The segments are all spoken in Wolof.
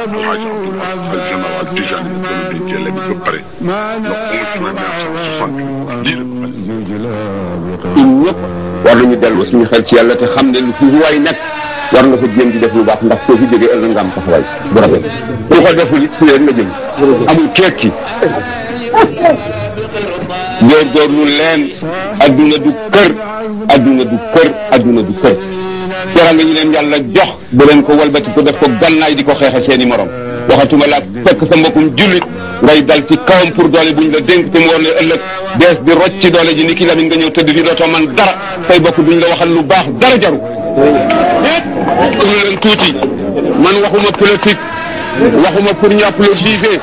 Alhaji Abdoulaye ak général Tijani dana denc leen ba pare le 11 mai 1968 lii la ko fay. ñun ñëpp war nañu dellu suñu xel ci yàlla te xam ne lu fi waay nekk war nga fa jéem di def lu baax ndax soo fi jógee ëllëg nga am taxawaay bu rafet. bu ko deful it fu leen nga jëm. amul kekki. góorgóorlu leen adduna du kër adduna du kër adduna du kër. teranga ñu leen yàlla jox bu leen ko walbati ko def ko gannaay di ko xeexe seeni morom waxatuma laa fekk sa mbokkum jullit ngay dal ci kawam pour doole buñ la dénk te mu war ne ëllëg dees di rocc ci doole ji ni ki lamin nga ñëw tëdd fi dootoo man dara say bokk duñ la waxal lu baax dara jaru déglu leen tuuti man waxuma politique waxuma pour ñu applaudiser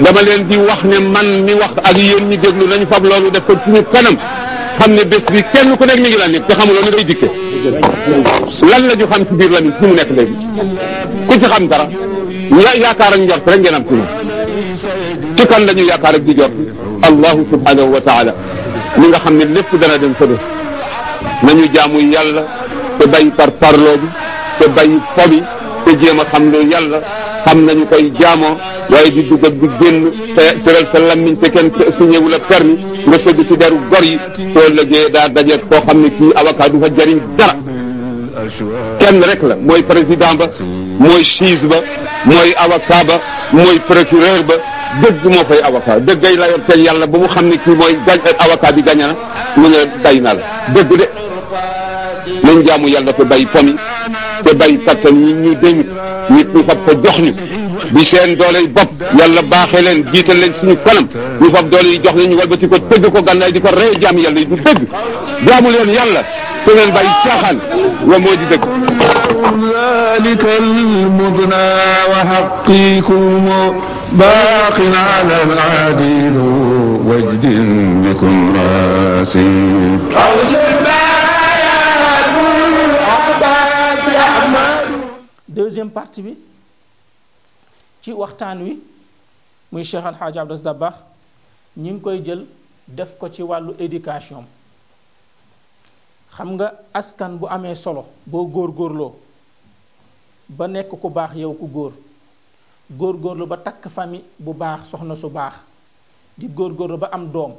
dama leen di wax ne man mi wax ak yéen ñi déglu nañu fab loolu de ko suñu kanam xam ne bés bi kenn ku nekk mi ngi lan nit loon xamuloo ni day dikke lan la ñu xam ci biir lan nit mu nekk léegi ku ci xam dara ya yaakaar ak njort rek ngeen am ci moom ci kan la ñu yaakaar ak di jort allahu subhanahu wa taala mi nga xam ne lépp dana dem fa nañu jaamu yàlla te bàyyi par parloo bi te bàyyi fo bi te jéem a xam lu yàlla xam nañu koy jaamoo waaye di dugg ak di génn te tëral sa lammiñ te kenn signéwu la permis nga sëgg ci deru gor yi soo lëggee daa daje koo xam ne kii avocat du fa jëriñ dara kenn rek la mooy président ba mooy chef ba mooy avocat ba mooy procureur ba dëgg moo fay avocat dëggay la yor teen yàlla ba mu xam ne kii mooy gañ avocat bi gaña na mu ne day na la dëgg de nañ jaamu yàlla te bay pomi te bari kattan yi ñu dénk nit ñu fab ko jox ñu bi seen doole yi bopp yàlla baaxee leen jiital leen suñu kanam ñu fab doole yi jox leen ñu walbati ko tëgg ko gànnaay di ko rey jaam yàlla yi du dëgg jaamu leen yàlla su ngeen bàyyi caaxaan wa moo di dëgg ذلك المدنى وحقيكم باق على العديد وجد بكم راسي deuxième partie bi ci waxtaan wi muy Cheikh Al Hadj Abdou Aziz ñi ngi koy jël def ko ci wàllu éducation xam nga askan bu amee solo boo góor góorloo ba nekk ku baax yow ku góor góor góorlu ba takk famille bu baax soxna su baax di góor góorgóorlu ba am doom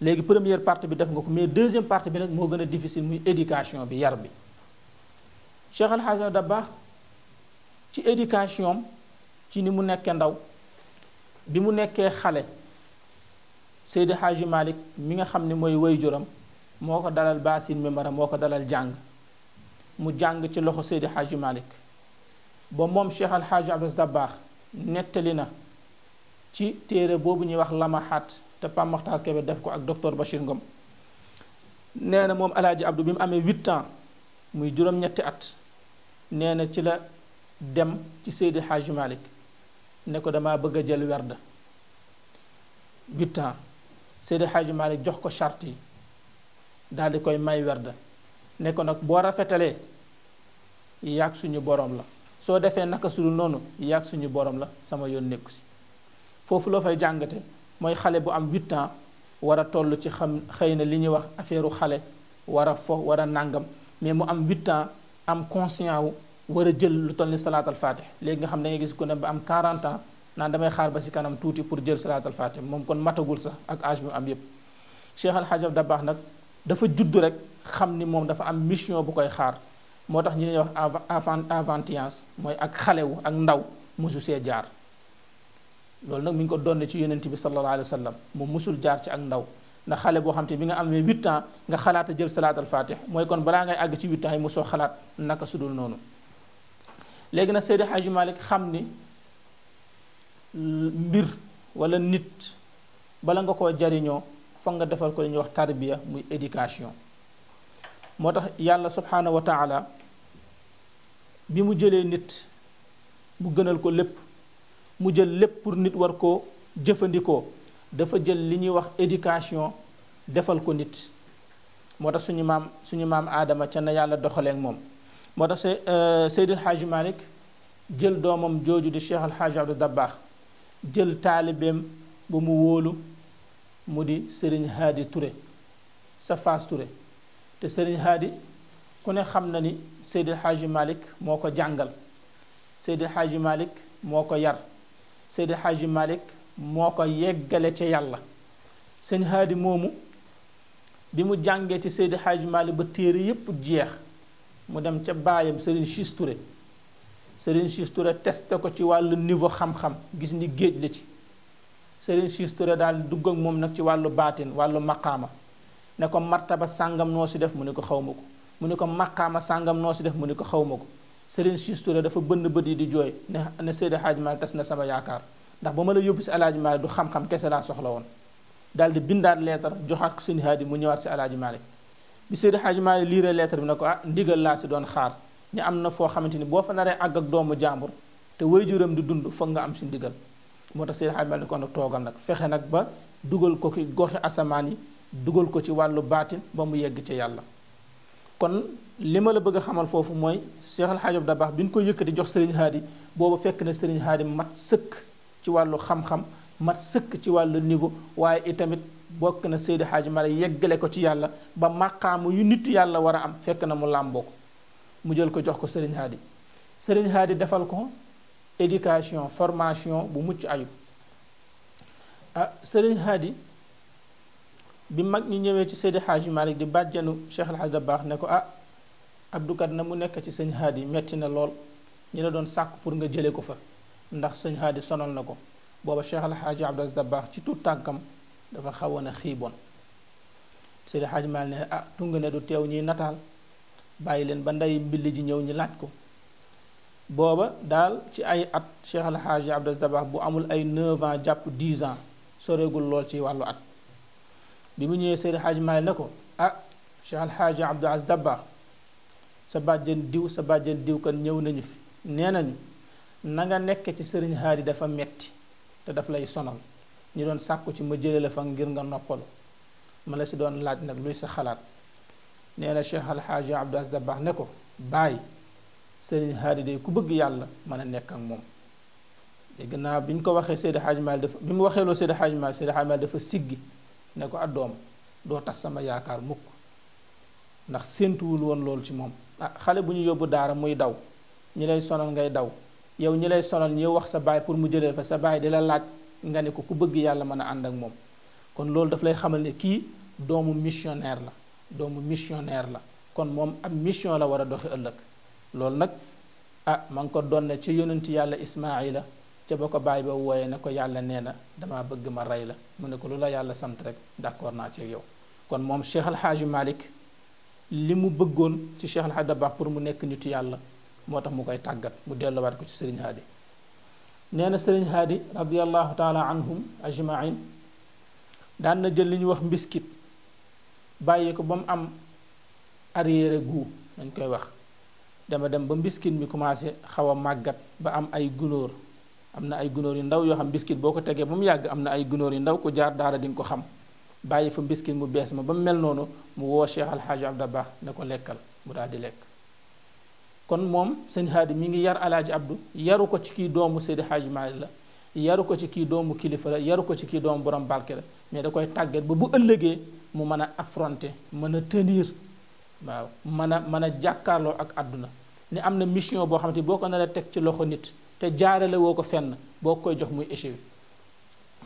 léegi première partie bi def nga ko mais deuxième partie bi nag moo gën a difficile muy éducation bi yar bi Cheikh Al Hadj ci éducation ci ni mu nekkee ndaw bi mu nekkee xale Seydi Hadji Malick mi nga xam ne mooy waajuram moo ko dalal baasin memara moo ko dalal jàng mu jàng ci loxo Seydi Hadji Malick ba moom Cheikh Al Hadji Abdou Dabakh nettali na ci téere boobu ñuy wax lamaxaat te Pape Makhtar Kébé def ko ak docteur Bachir Ngom nee na moom Alaaji Abdou bi mu amee huit ans muy juróom-ñetti at nee ci la dem ci Seydi Hadji Malick ne ko damaa bëgg a jël werd huit ans Seydi Hadji jox ko charte yi daal di koy may werd ne ko nag boo rafetalee yàgg suñu borom la soo defee naka sudul noonu yàgg suñu borom la sama yoon nekku si foofu loo fay jàngate mooy xale bu am huit ans war a toll ci xam xëy na li ñuy wax affaireu xale war a fo war a nàngam mais mu am huit ans am conscient wu war a jël lu toll ni salaatal fatih léegi nga xam ne ngay gis ku ne ba am 40 ans naa damay xaar ba si kanam tuuti pour jël salaatal fatih moom kon matagul sax ak âge bi am yépp Cheikh Al Hadj Abdou Dabakh nag dafa judd rek xam ni moom dafa am mission bu koy xaar moo tax ñu ne wax avant avantiance mooy ak xalewu ak ndaw mosu see jaar loolu nag mi ngi ko donne ci yonent bi sallallahu alayhi wa sallam mu musul jaar ci ak ndaw ndax xale boo xam te bi nga amee 8 nga xalaat a jël salaatal fatih mooy kon balaa ngay àgg ci 8 ans yi mosoo xalaat naka sudul noonu léegi nag Seydi Hadji xam ni mbir wala nit bala nga koo jariñoo foog nga defal ko li ñuy wax tarbiya muy éducation moo tax yàlla subhaanahu wa bi mu jëlee nit mu gënal ko lépp mu jël lépp pour nit war koo jëfandikoo dafa jël li ñuy wax éducation defal ko nit moo tax suñu maam suñu maam aadama ca na yàlla doxaleek moom moo tax euh, Seydi El Hadji Malick jël doomam jooju di Cheikh El Hadji Abdou Dabakh jël taalibeem bu mu wóolu mu di Serigne Hadi Touré Safaas Touré te Serigne Hadi ku ne xam na ni Seydi El Hadji moo ko jàngal Seydi El Hadji moo ko yar Seydi El Hadji moo ko yeggale ca yàlla Serigne Hadi moomu bi mu jàngee ci Seydi El Hadji ba téere yépp jeex mu dem ca baayam Serigne Ciss Touré Serigne Ciss Touré testé ko ci wàllu niveau xam-xam gis ni géej la ci Serigne Ciss Touré daal dugg ak moom nag ci wàllu baatin wàllu maqaama ne ko martaba sàngam noo si def mu ne ko xaw ma ko mu ne ko maqaama sàngam noo si def mu ne ko xaw ma ko Serigne Ciss dafa bënn bët yi di jooy ne ne Seydi Hadj Malick tas na sama yaakaar ndax ba ma la yóbbu si Alaaji Malick du xam-xam kese laa soxla woon daal di bindaat leetar joxaat ko suñu haadi mu ñëwaat si Alaaji Malick bi Seydi Hadji Malick liiree bi ne ko ah ndigal laa si doon xaar ñu am na foo xamante ni boo fa naree àgg ak doomu jàmbur te waajuram di dund foog nga am si ndigal moo tax Seydi Hadji Malick kon nag toogal nag fexe nag ba dugal ko ki goxi asamaan yi dugal ko ci wàllu baatin ba mu yegg ca yàlla kon li ma la bëgg a xamal foofu mooy Cheikh Al da baax bi ñu ko yëkkati jox Serigne Hadi boobu fekk na Serigne Hadi mat sëkk ci wàllu xam-xam mat sëkk ci wàllu niveau waaye itamit bokk na Seydi Hadji Malick yeggale ko ci yàlla ba maqaamu yu nit yàlla war a am fekk na mu làmboo ko mu jël ko jox ko sëriñ Hadi sëriñ Hadi defal ko éducation formation bu mucc ayib ah sëriñ Hadi bi mag ñi ñëwee ci Seydi Hadji Malick di bàjjanu Cheikh Al Hadj Dabakh ne ko ah Abdou na mu nekk ci sëñ Hadi metti na lool ñu la doon sàkk pour nga jële ko fa ndax sëñ Hadi sonal na ko booba Cheikh Al Hadj Abdou ci tuut tànkam. dafa xawoon a xiiboon Seydi Hajj Maalik ne ah tungu ne du teew ñuy nataal bàyyi leen ba ndey mbill ji ñëw ñu laaj ko booba daal ci ay at Cheikh El Hadj Abdou Dabakh bu amul ay 9 jàpp 10 soreegul lool ci wàllu at bi mu ñëwee Seydi Hajj ne ko ah Cheikh El Hadj Abdou Dabakh sa bàjjen diw sa bàjjen diw kon ñëw nañu fi nee nañu na nga nekk ci sëriñ Haadi dafa metti te daf lay sonal ñu doon sàkku ci ma jëlee la fa ngir nga noppalu ma la si doon laaj nag luy sa xalaat nee na Cheikh Alxaaji Abdou Aziz Dabakh ne ko bàyyi Sëriñ Haadi de ku bëgg yàlla mën a nekk ak moom dégg naa bi ñu ko waxee Seydi Hadj Malick dafa bi mu waxee loo Seydi Hadj Malick Seydi Hadj dafa siggi ne ko addoom ah, doo tas sama yaakaar mukk ndax séentuwul woon loolu ci moom ah xale bu ñu yóbbu daara muy daw ñi lay sonal ngay daw yow ñi lay sonal ñi wax sa baay pour mu jëlee nga ne ko ku bëgg yàlla mën a ànd ak moom kon loolu dafa lay xamal ne kii doomu missionnaire la doomu missionnaire la kon moom ab mission la war a dox ëllëg loolu nag ah ma ngi ko donne ci yonent yàlla Ismaayila ca ba ko baay ba wooyee ne ko yàlla nee na damaa bëgg ma rey la mu ne ko lu la yàlla sant rek d'accord naa ci yow kon moom Cheikh El Hadj li mu bëggoon ci Cheikh El Hadj baax pour mu nekk nitu yàlla moo tax mu koy tàggat mu delluwaat ko ci Serigne Hadi nee na sëriñ haadi radiallahu taala anhum ajmain daan na jël li ñu wax mbiskit bàyyi ko ba mu am arrière gu dañ koy wax dama dem ba mbiskit mi commencé xaw a màggat ba am ay gunóor am na ay gunóor yu ndaw yoo xam mbiskit boo ko tegee ba mu yàgg am na ay gunóor yu ndaw ku jaar daara di ko xam bàyyi fa mbiskit mu bees ma ba mu mel noonu mu woo Cheikh Alxaaji Abdou Ba ne ko lekkal mu daal di lekk kon moom sëñ Haadi mi ngi yar alaaji Abdou yaru ko ci kii doomu Seydi Haaji la yaru ko ci kii doomu kilifa la yaru ko ci kii doomu borom barke la mais da koy tàggat ba bu ëllëgee mu mën a affronter mën a tenir waaw mën a mën a jàkkaarloo ak àdduna ni am na mission boo xamante boo ko nar teg ci loxo nit te jaarale woo ko fenn boo koy jox muy échec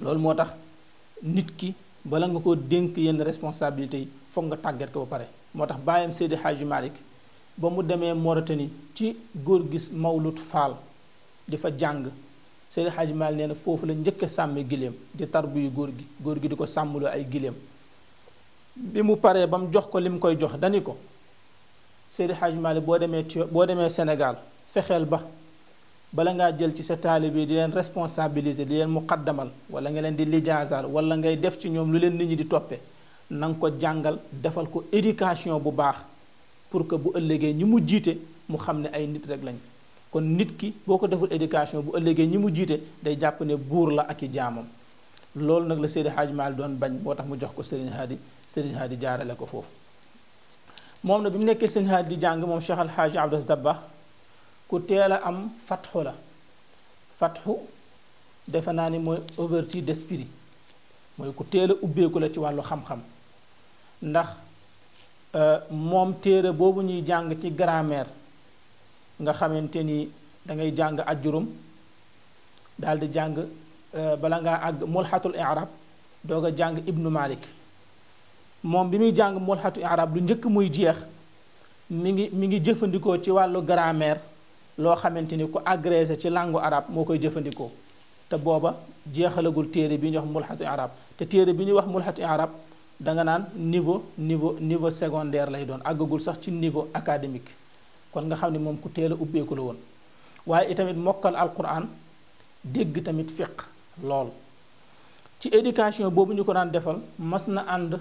loolu moo tax nit ki bala nga ko dénk yenn responsabilités yi foog nga tàggat ko ba pare moo tax bàyyam Seydi Haaji ba mu demee Mauritanie ci góor gi Mawlut Faal di fa jàng Seydi Hadji Malick nee foofu la njëkk a sàmme giléem di tarbiyu góor gi góor gi di ko sàmmloo ay giléem bi mu paree ba mu jox ko li mu koy jox dani ko Seydi Hadji Malick boo demee Thio boo demee Sénégal fexeel ba bala ngaa jël ci sa taalibe di leen responsabiliser di leen muqaddamal wala nga leen di lijaasaar wala ngay def ci ñoom lu leen nit ñi di toppe na ko jàngal defal ko éducation bu baax pour que bu ëllëgee ñi mu jiite mu xam ne ay nit rek lañ kon nit ki boo ko deful éducation bu ëllëgee ñi mu jiite day jàpp ne buur la ak i jaamam loolu nag la Seydi Hadj Mal doon bañ moo tax mu jox ko Serigne Hadi Serigne Hadi jaarale ko foofu moom na bi mu nekkee Serigne di jàng moom Cheikh Alhaji Abdou Dabakh ku teel a am fatxu la fatxu defe naa ni mooy ouverture d'esprit mooy ku teel a ubbeeku la ci wàllu xam-xam ndax Euh, moom téere boobu ñuy jàng ci grammaire nga xamante ni dangay jàng ajjurum daal di jàng euh, bala nga àgg mulxatul i'rab doog a jàng ibnu malik moom bi muy jàng mulxatu i'rab lu njëkk muy jeex mi ngi mi ngi jëfandikoo ci wàllu grammaire loo xamante ni ku agressé ci langue arab moo koy jëfandikoo te booba jeexalagul téere bi ñuy wax mulxatu i'rab te téere bi ñuy wax mulxatu i'rab danga naan niveau niveau niveau secondaire lay doon àggagul sax ci niveau académique kon nga xam ne moom ku teel a ubbeeku la woon waaye itamit mokkal alquran dégg tamit fiq lool ci éducation boobu ñu ko daan defal mas na ànd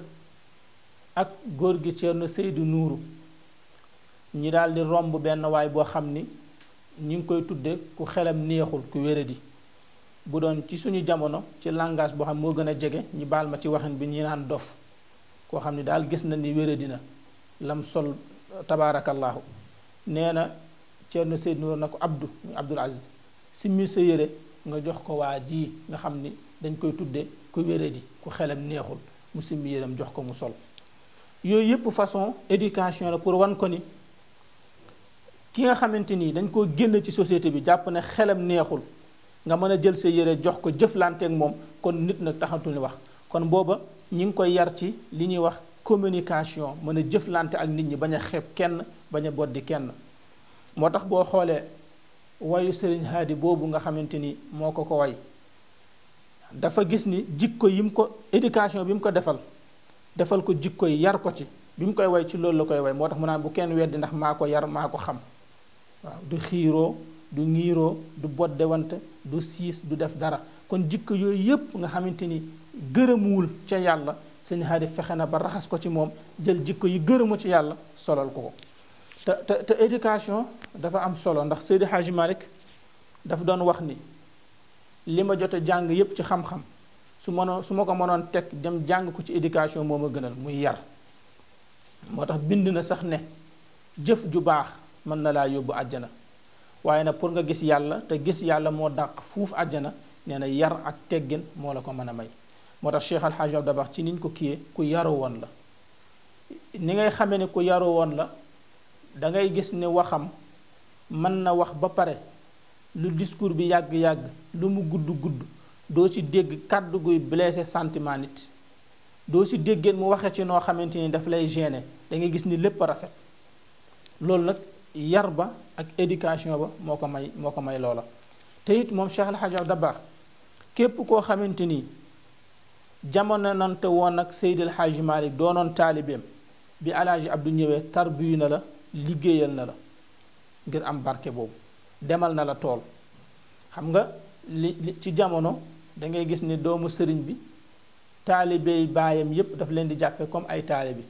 ak góor gi Ceerno Seydu Nuuru ñi daal romb benn waay boo xam ni ñu ngi koy tudde ku xelam neexul ku wéradi bu doon ci suñu jamono ci langage boo xam moo gën a jege ñu baal ma ci waxin bi ñu naan dof koo xam ne daal gis na ni wéradina lam sol tabaarakallaahu nee na Ceerno Seyd na ko Abdu Abdul Aziz simmi sa yére nga jox ko waa ji nga xam ni dañ koy tudde ku wéradi ku xelam neexul mu simmi yéreem jox ko mu sol yooyu yëpp façon éducation la pour wan ko ni ki nga xamante nii dañ koo génn ci société bi jàpp ne xelam neexul nga mën a jël sa yére jox ko jëflanteek moom kon nit nag taxatul ni wax kon booba ñi ngi koy yar ci li ñuy wax communication mën a jëflante ak nit ñi bañ a xeeb kenn bañ a boddi kenn moo tax boo xoolee wayu sëriñ haadi boobu nga xamante ni moo ko ko way dafa gis ni jikko yi mu ko éducation bi mu ko defal defal ko jikko yi yar ko ci bi mu koy way ci loolu la koy way moo tax mu naan bu kenn weddi ndax maa ko yar maa ko xam waaw du xiiroo du ngiiroo du boddewante du siis du def dara kon jikko yooyu yépp nga xamante ni gërëmuwul ca yàlla sëñ Haadi fexe na ba raxas ko ci moom jël jikko yi gërëmu ci yàlla solal ko ko te te te dafa am solo ndax Seydi Hadji Malick daf doon wax ni li ma jot jàng yépp ci xam-xam su mënoon su ma ko mënoon teg dem jàng ko ci éducation moo ma gënal muy yar moo tax bind na sax ne jëf ju baax mën na laa yóbbu àjjana waaye nag pour nga gis yàlla te gis yàlla moo dàq fuuf àjjana nee na yar ak teggin moo la ko mën a may moo tax Cheikh Al Hadj Abdou Dabakh ci niñ ko kii ku yaru woon la ni ngay xame ne ku yaru woon la da ngay gis ne waxam mën na wax ba pare lu discours bi yàgg-yàgg lu mu gudd-gudd doo ci dégg kàddu guy blessé sentiment nit doo ci déggeen mu waxe ci noo xamante ni daf lay gêner da ngay gis ni lépp rafet loolu nag yar ba ak éducation ba moo ko may moo ko may loola te moom Cheikh Al Hadj Abdou Dabakh képp koo xamante ni jamono nante woon ak Seydil Hadji Malick doonoon taalibeem bi ab du ñëwee tarbiyu na la liggéeyal na la ngir am barke boobu demal na la tool xam nga li ci jamono da ngay gis ni doomu sëriñ bi taalibeey baayam yépp daf leen di jàppe comme ay taalibe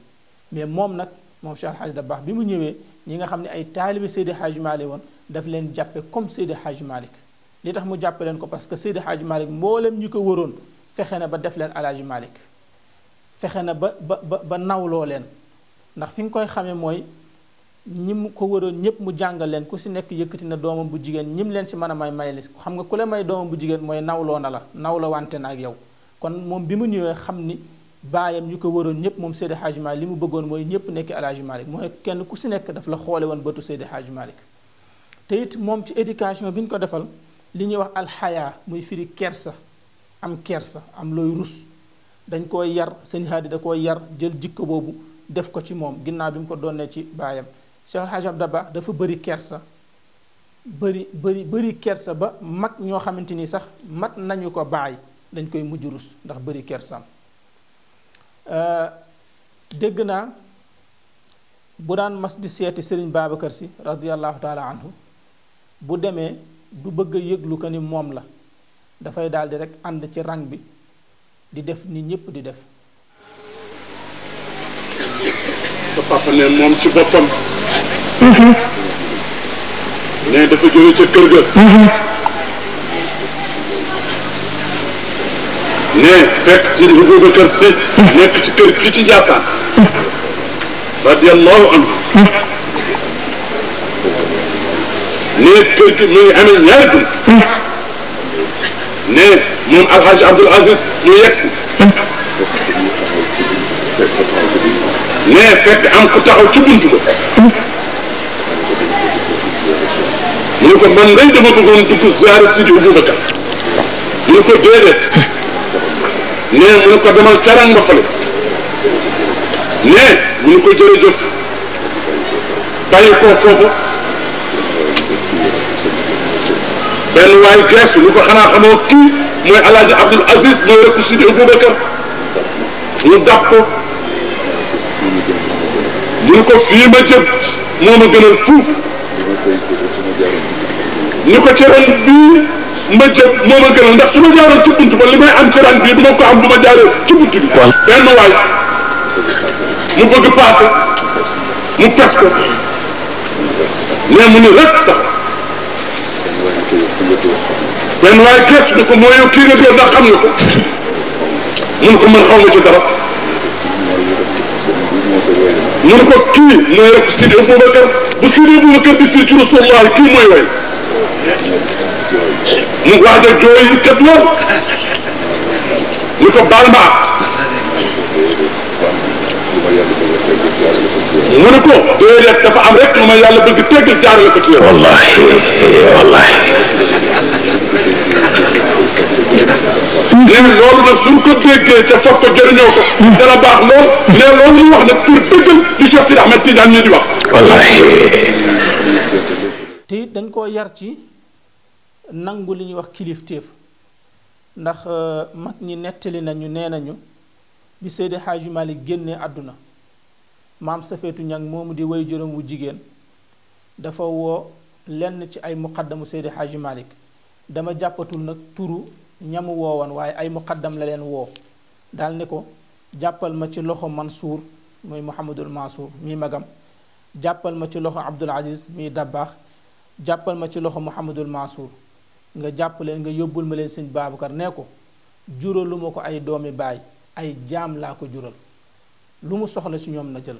mais moom nag moom Cheikh Alhaji Dabakh bi mu ñëwee ñi nga xam ne ay taalibe Seydi Hadji Malick woon daf leen jàppe comme Seydi Hadji Malick li tax mu jàppe ko parce que Seydi Hadji Malick mboolem ñi ko wëroon fexe na ba def leen alaaji Malick fexe na ba ba ba nawloo leen ndax fi nga koy xamee mooy ñi mu ko waroon ñëpp mu jàngal leen ku si nekk yëkkati na doomam bu jigéen ñim leen si mën a may may lis xam nga ku la may doomam bu jigéen mooy nawloo na la nawloo wante na ak yow kon moom bi mu ñëwee xam ni baayam ñu ko waroon ñëpp moom Seydi Hadji Malick li mu bëggoon mooy ñëpp nekk alaaji moo mooy kenn ku si nekk daf la xoole woon bëtu Seydi Hadji Malick te it moom ci éducation bi ñu ko defal li ñuy wax alxaya muy firi kersa am kersa am looy rus dañ koy yar sëñ Haadi da koy yar jël jikko boobu def ko ci moom ginnaaw bi mu ko doonee ci baayam Cheikh Alhaji Abdou Dabakh dafa bëri kersa bëri bëri bëri kersa ba mag ñoo xamante ni sax mat nañu ko baay dañ koy mujj rus ndax bëri kersam euh, dégg naa bu daan mas di seeti sëriñ Babacar si radiallahu taala anhu bu demee du bëgg yëglu ko ni moom la dafay daal di rek ànd ci rang bi di def nit ñëpp di def. sa papa moom ci boppam. ne dafa jóge ca kër ga. ne fekk si nekk ci kër gi ci Njaasaan. radiyallahu anhu. ne kër gi mu ngi amee ñaari bunt. ne moom alxaaji abdul aziz mu yegg si ne fekk am ku taxaw ci buntu ba mu ne ko man day dama bëggoon dugg ziyaare Sidi Abubakar mu ne ko déedéet ne mu ne ko demal caraan ba fale ne mu ne ko jërëjëf benn waay Grèce ñu ko xanaa xamoo kii mooy El Hadj Abdoul Aziz mooy rek Sidi Aboubacar ñu dàpp ko ñu ko fii ma jëm moo ma gënal fuuf ñu ko ci ren bii ma jëm moo ma gënal ndax su ma jaaroon ci bunt ba li may am ci ren bii du ma ko am du ma jaaree ci bunt bi. benn waay mu bëgg paase mu pes ko mais mu ni rek tax. benn waaye gerte ni ko moo yow kii nga dóor ndax xam nga ko mun ko mën xaw ma ci dara mun ko kii mooy rek Sidi Aboubacar bu Sidi Aboubacar di fii ci Rasulullah kii mooy way mu wax da jooy yi kat lool ni ko baal ma mu ne ko déedéet dafa am rek lu ma yàlla bëgg teggal jaarale ko ci yow. wallaahi wallaahi. léegi loolu nag suñ ko déggee te foog ko jëriñoo ko. dana baax lool. léegi loolu ñu wax nag pour dëggal di Cheikh Sidi Ahmed ñu di wax. te it dañ koo yar ci nangu li ñuy wax kilifteef ndax euh, mag ñi nettali nañu nee nañu bi Seydi Hadji Malick àdduna maam Safeetu Ñang moomu di way juróom wu jigéen dafa woo lenn ci ay muqaddamu Seydi Hadji dama jàppatul nag turu. ñamu woowoon waaye ay muqaddam la leen woo daal ni ko jàppal ma ci loxo Mansour muy Mouhamadul Mansour mii magam jàppal ma ci loxo Abdul Aziz mii dabbaax jàppal ma ci loxo Mouhamadul Mansour nga jàpp leen nga yóbbul ma leen sëñ Babacar nee ko juralu ma ko ay doomi baay ay jaam laa ko jural lu mu soxla ci ñoom na jël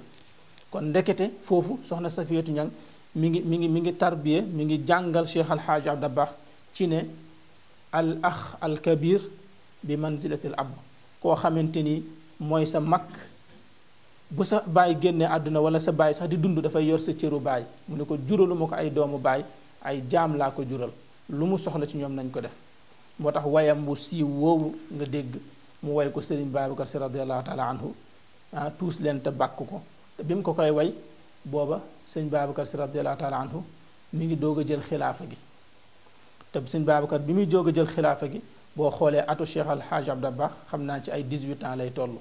kon ndekete foofu soxna sa Safiyatu Ñang mi ngi mi ngi mi ngi tarbiye mi ngi jàngal Cheikh Alxaaji Abdou Dabakh ci ne al ax al kabir bi manzilatil ab koo xamante ni mooy sa mag bu sa baay génnee àdduna wala sa baay sax di dund dafay yor sa cëru baay mu ne ko juraluma ko ay doomu baay ay jaam laa ko jural lu mu soxla ci ñoom nañ ko def moo tax wayam wu siiw woowu nga dégg mu way ko sëriñ Babacar Si radiyallahu taala anhu ah tuus leen te bàkk ko te bi mu ko koy way booba sëñ Babacar Si radiyallahu taala anhu mi ngi doog a jël xilaafa gi te sëñ Babacar bi muy jóg a jël xilaafa gi boo xoolee atu Cheikh Al Hadj baax xam naa ci ay 18 ans lay toll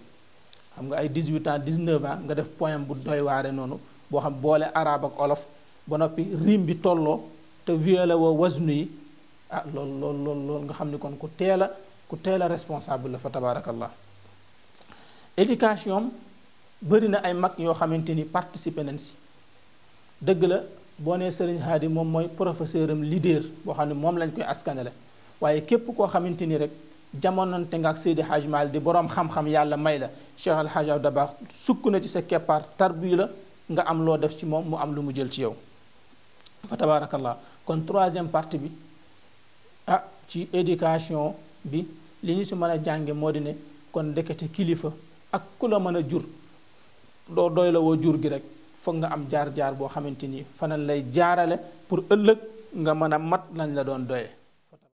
xam nga ay 18 ans 19 ans nga def poème bu doy waare noonu boo xam boole arabe ak olof ba noppi rim bi tolloo te violé woo wasnu yi ah loolu loolu nga xam ni kon ku teel ku teel a responsable la fa tabaarakallah éducation bëri na ay mag yoo xamante ni participer nañ si dëgg la. boo nee sëriñ Haadi moom mooy professeur am leader boo xam ne moom lañ koy askanale waaye képp koo xamante ni rek jamononte nga ak Seydi Hadj Malick di borom xam-xam yàlla may la Cheikh Al Hadj Abdou sukk na ci sa keppaar tarbiya la nga am loo def ci moom mu am lu mu jël ci yow fa tabaarakallah kon troisième partie bi ah ci éducation bi li ñu si mën a jànge moo di kon ndekete kilifa ak ku la mën a jur doo doylawoo jur gi rek foog nga am jaar-jaar boo xamante ni fanan lay jaarale pour ëllëg nga mën a mat lañ la doon doyee